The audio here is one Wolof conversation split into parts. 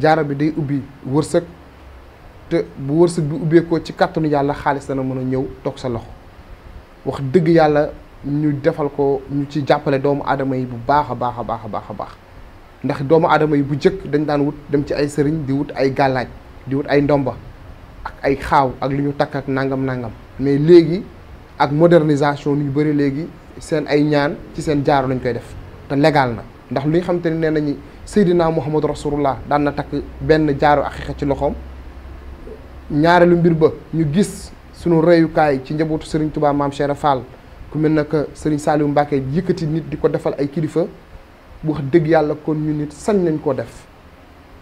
jaaro bi day ubbi wërsëg te bu wërsëg bi ubbeekoo ci kàttanu yàlla xaalis dana mën a ñëw toog sa loxo wax dëgg yàlla ñu defal ko ñu ci jàppale doomu aadama yi bu baax a baax a baax a baax a baax ndax doomu aadama yi bu jëkk dañ daan wut dem ci ay sëriñ di wut ay gàllaaj di wut ay ndomba ak ay xaaw ak lu ñu takk ak nangam nangam mais léegi ak modernisation yu bëri léegi seen ay ñaan ci seen jaaro lañ koy def te légal na ndax li nga xam nee nañu Seydina Muhammadu Rasulullah daan na takk benn jaaru aqiqa ci loxoom ñaareelu mbir ba ñu gis sunu reyukaay ci njabootu Serigne Touba maam Cheikh Fall ku mel ne que Serigne Saliou Mbacké yëkkati nit di ko defal ay kilifa bu wax dëgg yàlla kon ñu nit sañ nañ koo def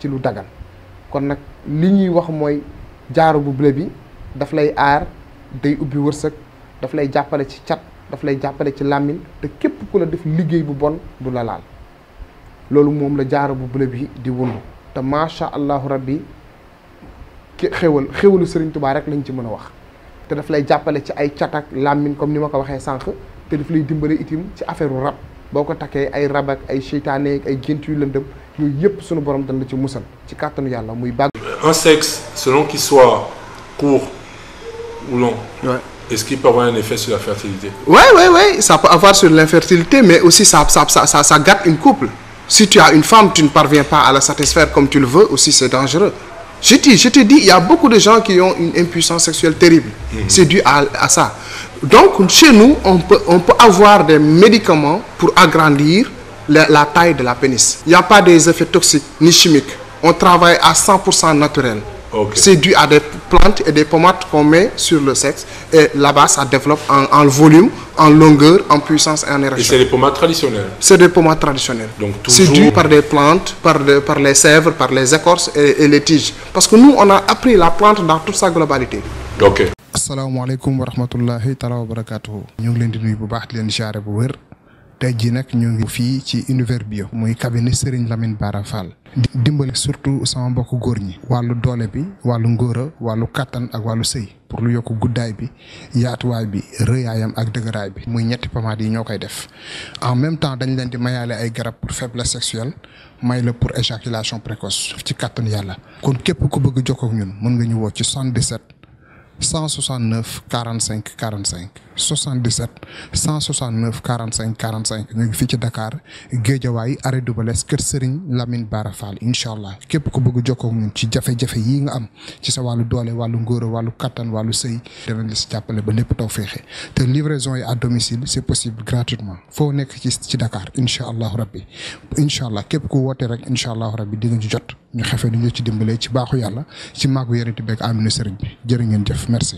ci lu dagan kon nag li ñuy wax mooy jaaru bu bleu bi daf lay aar day ubbi wërsëg daf lay jàppale ci cat daf lay jàppale ci làmmiñ te képp ku la def liggéey bu bon du la laal. loolu mom la jaaro bu bële bi di wund te macha allahu rabbi ki xéwal xéwalu Serigne Touba rek lañ ci mëna wax te daf lay jappalé ci ay catak lamine comme nima ko waxé sank te daf lay dimbalé itim ci affaireu rab boko ko ay rab ak ay seytaane ak ay gént yu lëndëm yooyu yëpp sunu borom dañ la ci mussal ci katanu yalla muy bàgg. un sexe selon qu'il soit court ou long. Ouais. Est-ce qu'il peut avoir un effet sur la fertilité? Ouais, ouais, ouais, ça peut avoir sur l'infertilité, mais aussi ça ça ça ça, ça gâte une couple. Si tu as une femme, tu ne parviens pas à la satisfaire comme tu le veux, aussi c'est dangereux. Je te, dis, il y a beaucoup de gens qui ont une impuissance sexuelle terrible. Mhm. C'est dû à, ça. Donc, chez nous, on peut, avoir des médicaments pour agrandir la, taille de la pénis. Il n'y a pas des effets toxiques ni chimiques. On travaille à 100% naturel. C'est dû à des plantes et des pommades qu'on met sur le sexe. Et là-bas, ça développe en, volume, en longueur, en puissance et en érection. Et c'est des pommades traditionnelles C'est des pommades traditionnelles. Donc, toujours... C'est dû par des plantes, par, par les sèvres, par les écorces et, les tiges. Parce que nous, on a appris la plante dans toute sa globalité. Ok. tey jii nag ñu ngi fii ci univers bio muy cabinet Serigne Lamine Bara Fall dimbali surtout sama mbokk góor ñi wàllu doole bi wàllu ngóora wàllu kattan ak wàllu sëy pour lu yokk guddaay bi yaatuwaay bi rëyaayam ak dëgëraay bi muy ñetti pommades yi ñoo koy def en même temps dañ leen di mayaale ay garab pour faiblesse sexuelle may la pour éjaculation précoce ci kattan yàlla kon képp ku bëgg jokkoo ñun mën nga ñu woo ci 77 169 45 45 77 169 45 45 ñu ngi ci Dakar Géejawaay arrêt Dubalès Serigne Lamine Barafal inshallah képp ku ci jafe-jafe yi nga am ci sa walu doole walu à walu kattan walu ba livraison à domicile c'est possible gratuitement fo nekk ci ci Dakar inshallah inshallah. rabbi rek ñu xefee nu ñu ci dimbalee ci baaxu yàlla ci màggu yonent bi ak amina sëriñ bi jërë ngeen jëf merci.